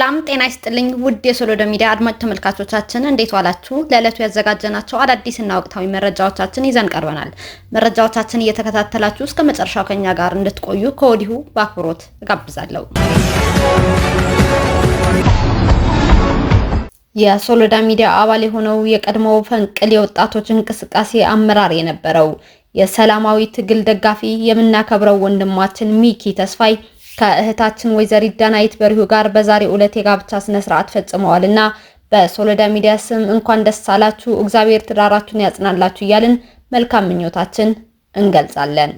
ሰላም ጤና ይስጥልኝ ውድ የሶሎዳ ሚዲያ አድማጭ ተመልካቾቻችን እንዴት ዋላችሁ? ለዕለቱ ያዘጋጀናቸው አዳዲስና ወቅታዊ መረጃዎቻችን ይዘን ቀርበናል። መረጃዎቻችን እየተከታተላችሁ እስከ መጨረሻው ከኛ ጋር እንድትቆዩ ከወዲሁ በአክብሮት እጋብዛለሁ። የሶሎዳ ሚዲያ አባል የሆነው የቀድሞው ፈንቅል የወጣቶች እንቅስቃሴ አመራር የነበረው የሰላማዊ ትግል ደጋፊ የምናከብረው ወንድማችን ሚኪ ተስፋይ ከእህታችን ወይዘሪት ዳናይት በሪሁ ጋር በዛሬው ዕለት የጋብቻ ስነ ስርዓት ፈጽመዋል እና በሶሎዳ ሚዲያ ስም እንኳን ደስ አላችሁ፣ እግዚአብሔር ትዳራችሁን ያጽናላችሁ እያልን መልካም ምኞታችን እንገልጻለን።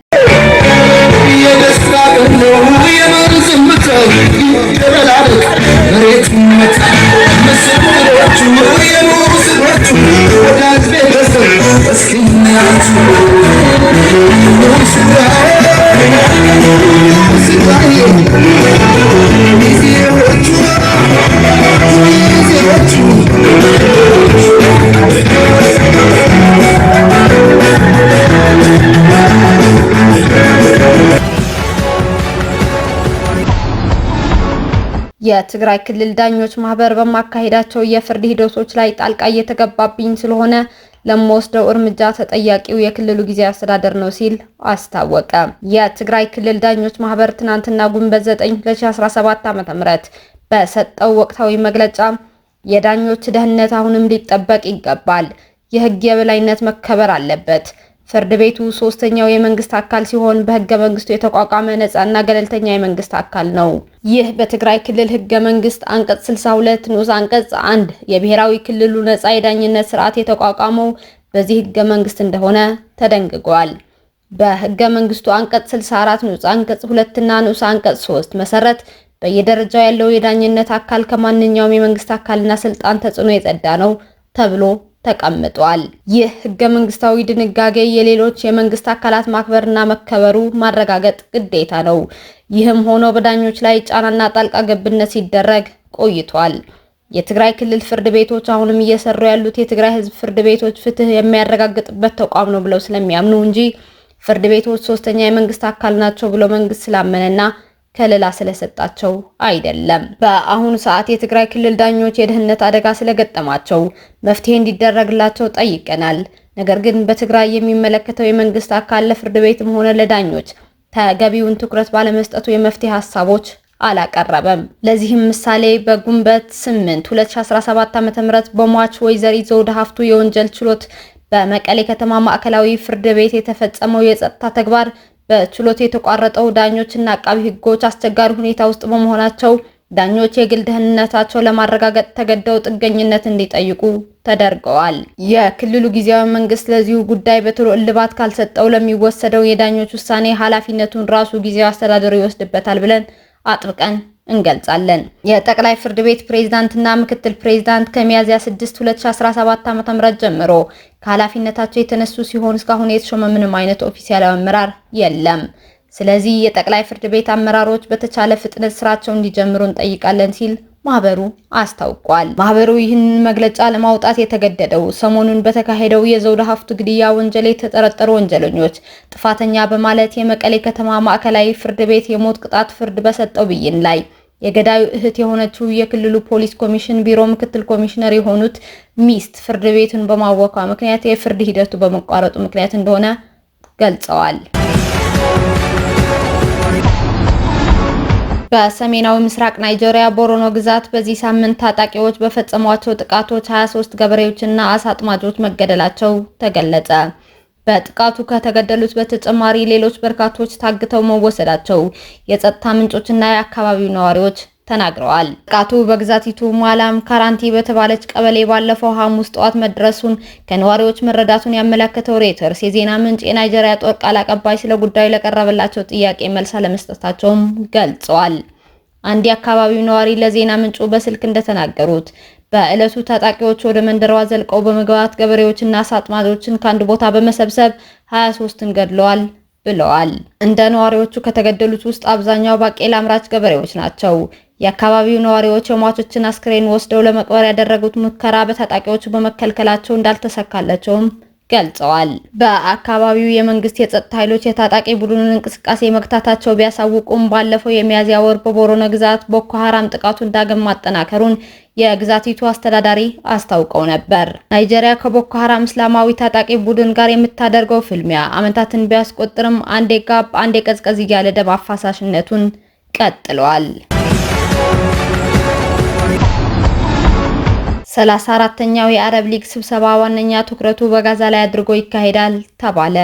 የትግራይ ክልል ዳኞች ማህበር በማካሄዳቸው የፍርድ ሂደቶች ላይ ጣልቃ እየተገባብኝ ስለሆነ ለመወስደው እርምጃ ተጠያቂው የክልሉ ጊዜ አስተዳደር ነው ሲል አስታወቀ። የትግራይ ክልል ዳኞች ማህበር ትናንትና ግንቦት 9 2017 ዓ.ም በሰጠው ወቅታዊ መግለጫ የዳኞች ደህንነት አሁንም ሊጠበቅ ይገባል፣ የህግ የበላይነት መከበር አለበት፣ ፍርድ ቤቱ ሶስተኛው የመንግስት አካል ሲሆን በህገ መንግስቱ የተቋቋመ ነጻና ገለልተኛ የመንግስት አካል ነው። ይህ በትግራይ ክልል ህገ መንግስት አንቀጽ 62 ንዑስ አንቀጽ 1 የብሔራዊ ክልሉ ነጻ የዳኝነት ስርዓት የተቋቋመው በዚህ ህገ መንግስት እንደሆነ ተደንግጓል። በህገ መንግስቱ አንቀጽ 64 ንዑስ አንቀጽ 2 እና ንዑስ አንቀጽ 3 መሰረት በየደረጃው ያለው የዳኝነት አካል ከማንኛውም የመንግስት አካልና ስልጣን ተጽዕኖ የጸዳ ነው ተብሎ ተቀምጧል። ይህ ህገ መንግስታዊ ድንጋጌ የሌሎች የመንግስት አካላት ማክበርና መከበሩ ማረጋገጥ ግዴታ ነው። ይህም ሆኖ በዳኞች ላይ ጫናና ጣልቃ ገብነት ሲደረግ ቆይቷል። የትግራይ ክልል ፍርድ ቤቶች አሁንም እየሰሩ ያሉት የትግራይ ህዝብ ፍርድ ቤቶች ፍትህ የሚያረጋግጥበት ተቋም ነው ብለው ስለሚያምኑ እንጂ ፍርድ ቤቶች ሶስተኛ የመንግስት አካል ናቸው ብሎ መንግስት ስላመነና ከለላ ስለሰጣቸው አይደለም። በአሁኑ ሰዓት የትግራይ ክልል ዳኞች የደህንነት አደጋ ስለገጠማቸው መፍትሄ እንዲደረግላቸው ጠይቀናል። ነገር ግን በትግራይ የሚመለከተው የመንግስት አካል ለፍርድ ቤትም ሆነ ለዳኞች ተገቢውን ትኩረት ባለመስጠቱ የመፍትሄ ሀሳቦች አላቀረበም። ለዚህም ምሳሌ በግንቦት 8 2017 ዓ.ም በሟች ወይዘሪት ዘውድ ሀፍቱ የወንጀል ችሎት በመቀሌ ከተማ ማዕከላዊ ፍርድ ቤት የተፈጸመው የጸጥታ ተግባር በችሎት የተቋረጠው ዳኞችና አቃቢ ህጎች አስቸጋሪ ሁኔታ ውስጥ በመሆናቸው ዳኞች የግል ደህንነታቸው ለማረጋገጥ ተገደው ጥገኝነት እንዲጠይቁ ተደርገዋል። የክልሉ ጊዜያዊ መንግስት ለዚሁ ጉዳይ በቶሎ እልባት ካልሰጠው ለሚወሰደው የዳኞች ውሳኔ ኃላፊነቱን ራሱ ጊዜያዊ አስተዳደሩ ይወስድበታል ብለን አጥብቀን እንገልጻለን። የጠቅላይ ፍርድ ቤት ፕሬዝዳንትና ምክትል ፕሬዝዳንት ከሚያዝያ 6 2017 ዓ.ም ጀምሮ ከኃላፊነታቸው የተነሱ ሲሆን እስካሁን የተሾመ ምንም አይነት ኦፊሲያላዊ አመራር የለም። ስለዚህ የጠቅላይ ፍርድ ቤት አመራሮች በተቻለ ፍጥነት ስራቸውን እንዲጀምሩ እንጠይቃለን ሲል ማህበሩ አስታውቋል። ማህበሩ ይህን መግለጫ ለማውጣት የተገደደው ሰሞኑን በተካሄደው የዘውድ ሀፍቱ ግድያ ወንጀል የተጠረጠሩ ወንጀለኞች ጥፋተኛ በማለት የመቀሌ ከተማ ማዕከላዊ ፍርድ ቤት የሞት ቅጣት ፍርድ በሰጠው ብይን ላይ የገዳዩ እህት የሆነችው የክልሉ ፖሊስ ኮሚሽን ቢሮ ምክትል ኮሚሽነር የሆኑት ሚስት ፍርድ ቤቱን በማወኳ ምክንያት የፍርድ ሂደቱ በመቋረጡ ምክንያት እንደሆነ ገልጸዋል። በሰሜናዊ ምስራቅ ናይጄሪያ ቦሮኖ ግዛት በዚህ ሳምንት ታጣቂዎች በፈጸሟቸው ጥቃቶች 23 ገበሬዎችና አሳ አጥማጆች መገደላቸው ተገለጸ። በጥቃቱ ከተገደሉት በተጨማሪ ሌሎች በርካቶች ታግተው መወሰዳቸው የጸጥታ ምንጮችና የአካባቢው ነዋሪዎች ተናግረዋል። ጥቃቱ በግዛቲቱ ሟላም ካራንቲ በተባለች ቀበሌ ባለፈው ሐሙስ ጠዋት መድረሱን ከነዋሪዎች መረዳቱን ያመለከተው ሬተርስ የዜና ምንጭ የናይጀሪያ ጦር ቃል አቀባይ ስለ ጉዳዩ ለቀረበላቸው ጥያቄ መልስ አለመስጠታቸውም ገልጸዋል። አንድ የአካባቢው ነዋሪ ለዜና ምንጩ በስልክ እንደተናገሩት በዕለቱ ታጣቂዎች ወደ መንደሯ ዘልቀው በመግባት ገበሬዎችና ሳጥማጆችን ከአንድ ቦታ በመሰብሰብ 23ን ገድለዋል ብለዋል። እንደ ነዋሪዎቹ ከተገደሉት ውስጥ አብዛኛው ባቄላ አምራች ገበሬዎች ናቸው። የአካባቢው ነዋሪዎች የሟቾችን አስክሬን ወስደው ለመቅበር ያደረጉት ሙከራ በታጣቂዎቹ በመከልከላቸው እንዳልተሰካላቸውም ገልጸዋል። በአካባቢው የመንግስት የጸጥታ ኃይሎች የታጣቂ ቡድኑን እንቅስቃሴ መግታታቸው ቢያሳውቁም ባለፈው የሚያዝያ ወር በቦሮነ ግዛት ቦኮ ሀራም ጥቃቱን ዳግም ማጠናከሩን የግዛቲቱ አስተዳዳሪ አስታውቀው ነበር። ናይጄሪያ ከቦኮ ሀራም እስላማዊ ታጣቂ ቡድን ጋር የምታደርገው ፍልሚያ ዓመታትን ቢያስቆጥርም አንዴ ጋብ አንዴ ቀዝቀዝ እያለ ደም አፋሳሽነቱን ቀጥሏል። ሰላሳ አራተኛው የአረብ ሊግ ስብሰባ ዋነኛ ትኩረቱ በጋዛ ላይ አድርጎ ይካሄዳል ተባለ።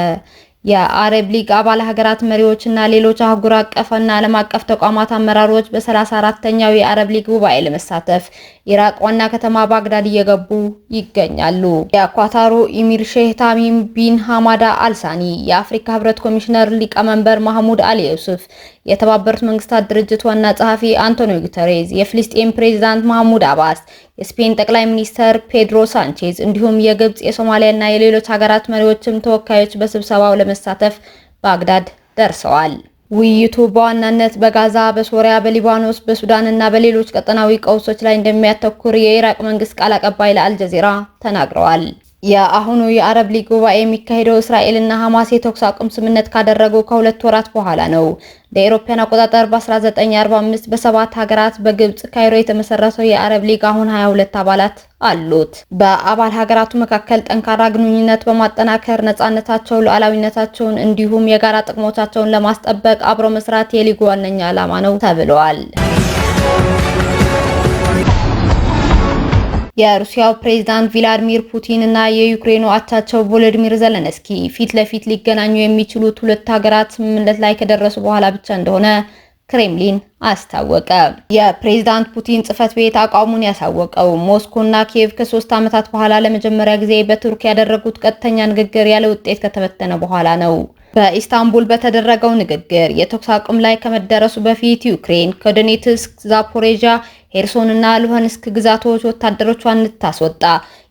የአረብ ሊግ አባል ሀገራት መሪዎችና ሌሎች አህጉር አቀፍና ዓለም አቀፍ ተቋማት አመራሮች በሰላሳ አራተኛው የአረብ ሊግ ጉባኤ ለመሳተፍ ኢራቅ ዋና ከተማ ባግዳድ እየገቡ ይገኛሉ። የኳታሩ ኢሚር ሼህ ታሚም ቢን ሃማዳ አልሳኒ፣ የአፍሪካ ህብረት ኮሚሽነር ሊቀመንበር ማህሙድ አሊ ዩሱፍ፣ የተባበሩት መንግስታት ድርጅት ዋና ጸሐፊ አንቶኒዮ ጉተሬዝ፣ የፍልስጤም ፕሬዚዳንት ማህሙድ አባስ፣ የስፔን ጠቅላይ ሚኒስተር ፔድሮ ሳንቼዝ እንዲሁም የግብጽ የሶማሊያና የሌሎች ሀገራት መሪዎችም ተወካዮች በስብሰባው ለመሳተፍ ባግዳድ ደርሰዋል። ውይይቱ በዋናነት በጋዛ፣ በሶሪያ፣ በሊባኖስ፣ በሱዳን እና በሌሎች ቀጠናዊ ቀውሶች ላይ እንደሚያተኩር የኢራቅ መንግስት ቃል አቀባይ ለአልጀዚራ ተናግረዋል። የአሁኑ የአረብ ሊግ ጉባኤ የሚካሄደው እስራኤልና ሐማስ የተኩስ አቁም ስምምነት ካደረጉ ከሁለት ወራት በኋላ ነው። በአውሮፓውያን አቆጣጠር በ1945 በሰባት ሀገራት በግብጽ ካይሮ የተመሰረተው የአረብ ሊግ አሁን 22 አባላት አሉት። በአባል ሀገራቱ መካከል ጠንካራ ግንኙነት በማጠናከር ነጻነታቸው፣ ሉዓላዊነታቸውን እንዲሁም የጋራ ጥቅሞቻቸውን ለማስጠበቅ አብሮ መስራት የሊጉ ዋነኛ ዓላማ ነው ተብለዋል። የሩሲያው ፕሬዝዳንት ቪላዲሚር ፑቲን እና የዩክሬኑ አቻቸው ቮሎዲሚር ዘለንስኪ ፊት ለፊት ሊገናኙ የሚችሉት ሁለት ሀገራት ስምምነት ላይ ከደረሱ በኋላ ብቻ እንደሆነ ክሬምሊን አስታወቀ። የፕሬዝዳንት ፑቲን ጽህፈት ቤት አቋሙን ያሳወቀው ሞስኮና ኪየቭ ከሶስት ዓመታት በኋላ ለመጀመሪያ ጊዜ በቱርክ ያደረጉት ቀጥተኛ ንግግር ያለ ውጤት ከተበተነ በኋላ ነው። በኢስታንቡል በተደረገው ንግግር የተኩስ አቁም ላይ ከመደረሱ በፊት ዩክሬን ከዶኔትስክ፣ ዛፖሬዣ ሄርሶንና ሉሆንስክ ግዛቶች ወታደሮቿን እንድታስወጣ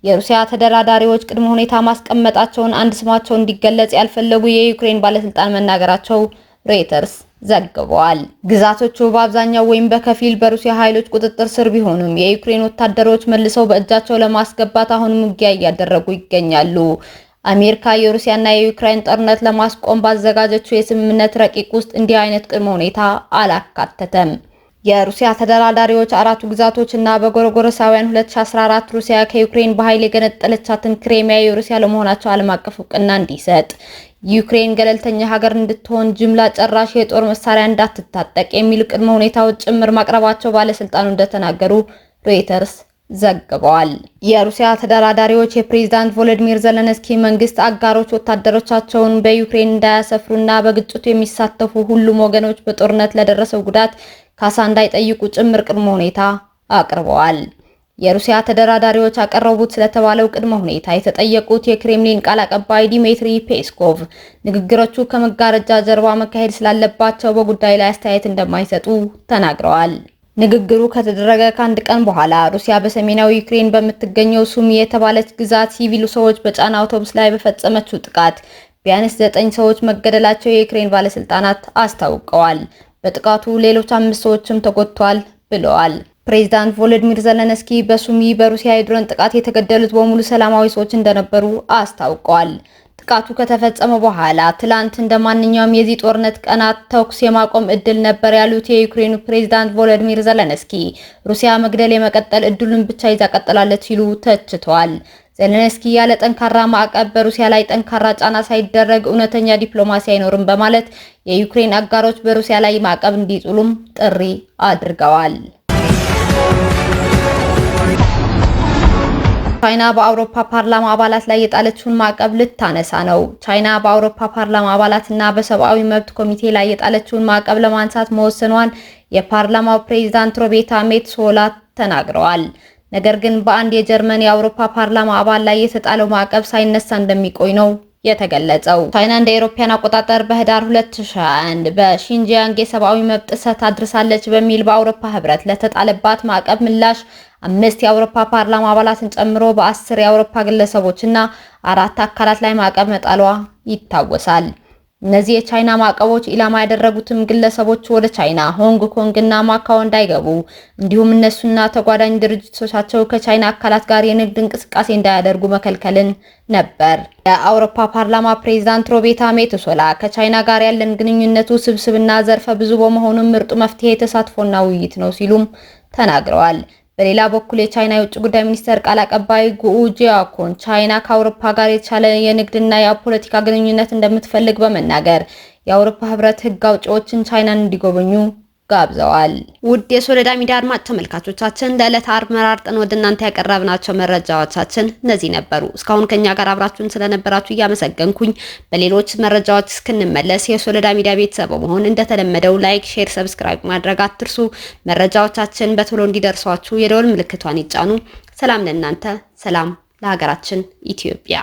የሩሲያ ተደራዳሪዎች ቅድመ ሁኔታ ማስቀመጣቸውን አንድ ስማቸው እንዲገለጽ ያልፈለጉ የዩክሬን ባለስልጣን መናገራቸው ሮይተርስ ዘግቧል። ግዛቶቹ በአብዛኛው ወይም በከፊል በሩሲያ ኃይሎች ቁጥጥር ስር ቢሆኑም የዩክሬን ወታደሮች መልሰው በእጃቸው ለማስገባት አሁንም ውጊያ እያደረጉ ይገኛሉ። አሜሪካ የሩሲያና የዩክራይን ጦርነት ለማስቆም ባዘጋጀችው የስምምነት ረቂቅ ውስጥ እንዲህ አይነት ቅድመ ሁኔታ አላካተተም። የሩሲያ ተደራዳሪዎች አራቱ ግዛቶች እና በጎረጎረሳውያን 2014 ሩሲያ ከዩክሬን በኃይል የገነጠለቻትን ክሬሚያ የሩሲያ ለመሆናቸው ዓለም አቀፍ እውቅና እንዲሰጥ ዩክሬን ገለልተኛ ሀገር እንድትሆን ጅምላ ጨራሽ የጦር መሳሪያ እንዳትታጠቅ የሚል ቅድመ ሁኔታዎች ጭምር ማቅረባቸው ባለስልጣኑ እንደተናገሩ ሮይተርስ ዘግበዋል። የሩሲያ ተደራዳሪዎች የፕሬዝዳንት ቮሎዲሚር ዘለንስኪ መንግስት አጋሮች ወታደሮቻቸውን በዩክሬን እንዳያሰፍሩና በግጭቱ የሚሳተፉ ሁሉም ወገኖች በጦርነት ለደረሰው ጉዳት ካሳ እንዳይጠይቁ ጭምር ቅድመ ሁኔታ አቅርበዋል። የሩሲያ ተደራዳሪዎች አቀረቡት ስለተባለው ቅድመ ሁኔታ የተጠየቁት የክሬምሊን ቃል አቀባይ ዲሜትሪ ፔስኮቭ ንግግሮቹ ከመጋረጃ ጀርባ መካሄድ ስላለባቸው በጉዳዩ ላይ አስተያየት እንደማይሰጡ ተናግረዋል። ንግግሩ ከተደረገ ከአንድ ቀን በኋላ ሩሲያ በሰሜናዊ ዩክሬን በምትገኘው ሱሚ የተባለች ግዛት ሲቪሉ ሰዎች በጫና አውቶቡስ ላይ በፈጸመችው ጥቃት ቢያንስ ዘጠኝ ሰዎች መገደላቸው የዩክሬን ባለስልጣናት አስታውቀዋል። በጥቃቱ ሌሎች አምስት ሰዎችም ተጎድተዋል ብለዋል። ፕሬዚዳንት ቮሎዲሚር ዘለንስኪ በሱሚ በሩሲያ የድሮን ጥቃት የተገደሉት በሙሉ ሰላማዊ ሰዎች እንደነበሩ አስታውቀዋል። ጥቃቱ ከተፈጸመ በኋላ ትላንት እንደ ማንኛውም የዚህ ጦርነት ቀናት ተኩስ የማቆም እድል ነበር ያሉት የዩክሬኑ ፕሬዚዳንት ቮሎዲሚር ዘለንስኪ ሩሲያ መግደል የመቀጠል እድሉን ብቻ ይዛ ቀጥላለች ሲሉ ተችተዋል። ዘለንስኪ ያለ ጠንካራ ማዕቀብ በሩሲያ ላይ ጠንካራ ጫና ሳይደረግ እውነተኛ ዲፕሎማሲ አይኖርም በማለት የዩክሬን አጋሮች በሩሲያ ላይ ማዕቀብ እንዲጥሉም ጥሪ አድርገዋል። ቻይና በአውሮፓ ፓርላማ አባላት ላይ የጣለችውን ማዕቀብ ልታነሳ ነው። ቻይና በአውሮፓ ፓርላማ አባላትና በሰብአዊ መብት ኮሚቴ ላይ የጣለችውን ማዕቀብ ለማንሳት መወሰኗን የፓርላማው ፕሬዚዳንት ሮቤታ ሜትሶላ ተናግረዋል። ነገር ግን በአንድ የጀርመን የአውሮፓ ፓርላማ አባል ላይ የተጣለው ማዕቀብ ሳይነሳ እንደሚቆይ ነው የተገለጸው። ቻይና እንደ አውሮፓውያን አቆጣጠር በህዳር 2021 በሺንጂያንግ የሰብአዊ መብት ጥሰት አድርሳለች በሚል በአውሮፓ ህብረት ለተጣለባት ማዕቀብ ምላሽ አምስት የአውሮፓ ፓርላማ አባላትን ጨምሮ በአስር የአውሮፓ ግለሰቦችና አራት አካላት ላይ ማዕቀብ መጣሏ ይታወሳል። እነዚህ የቻይና ማዕቀቦች ኢላማ ያደረጉትም ግለሰቦች ወደ ቻይና፣ ሆንግ ኮንግ እና ማካዎ እንዳይገቡ እንዲሁም እነሱና ተጓዳኝ ድርጅቶቻቸው ከቻይና አካላት ጋር የንግድ እንቅስቃሴ እንዳያደርጉ መከልከልን ነበር። የአውሮፓ ፓርላማ ፕሬዚዳንት ሮቤታ ሜትሶላ ከቻይና ጋር ያለን ግንኙነቱ ስብስብና ዘርፈ ብዙ በመሆኑም ምርጡ መፍትሄ ተሳትፎና ውይይት ነው ሲሉም ተናግረዋል። በሌላ በኩል የቻይና የውጭ ጉዳይ ሚኒስቴር ቃል አቀባይ ጉኡ ጂያኮን ቻይና ከአውሮፓ ጋር የተሻለ የንግድና የፖለቲካ ግንኙነት እንደምትፈልግ በመናገር የአውሮፓ ህብረት ህግ አውጪዎችን ቻይናን እንዲጎበኙ ጋብዘዋል። ውድ የሶለዳ ሚዲያ አድማጭ ተመልካቾቻችን ለዕለት አርብ መራርጠን ወደ እናንተ ያቀረብናቸው መረጃዎቻችን እነዚህ ነበሩ። እስካሁን ከኛ ጋር አብራችሁን ስለነበራችሁ እያመሰገንኩኝ በሌሎች መረጃዎች እስክንመለስ የሶለዳ ሚዲያ ቤተሰብ መሆን እንደተለመደው ላይክ፣ ሼር፣ ሰብስክራይብ ማድረግ አትርሱ። መረጃዎቻችን በቶሎ እንዲደርሷችሁ የደወል ምልክቷን ይጫኑ። ሰላም ለእናንተ፣ ሰላም ለሀገራችን ኢትዮጵያ።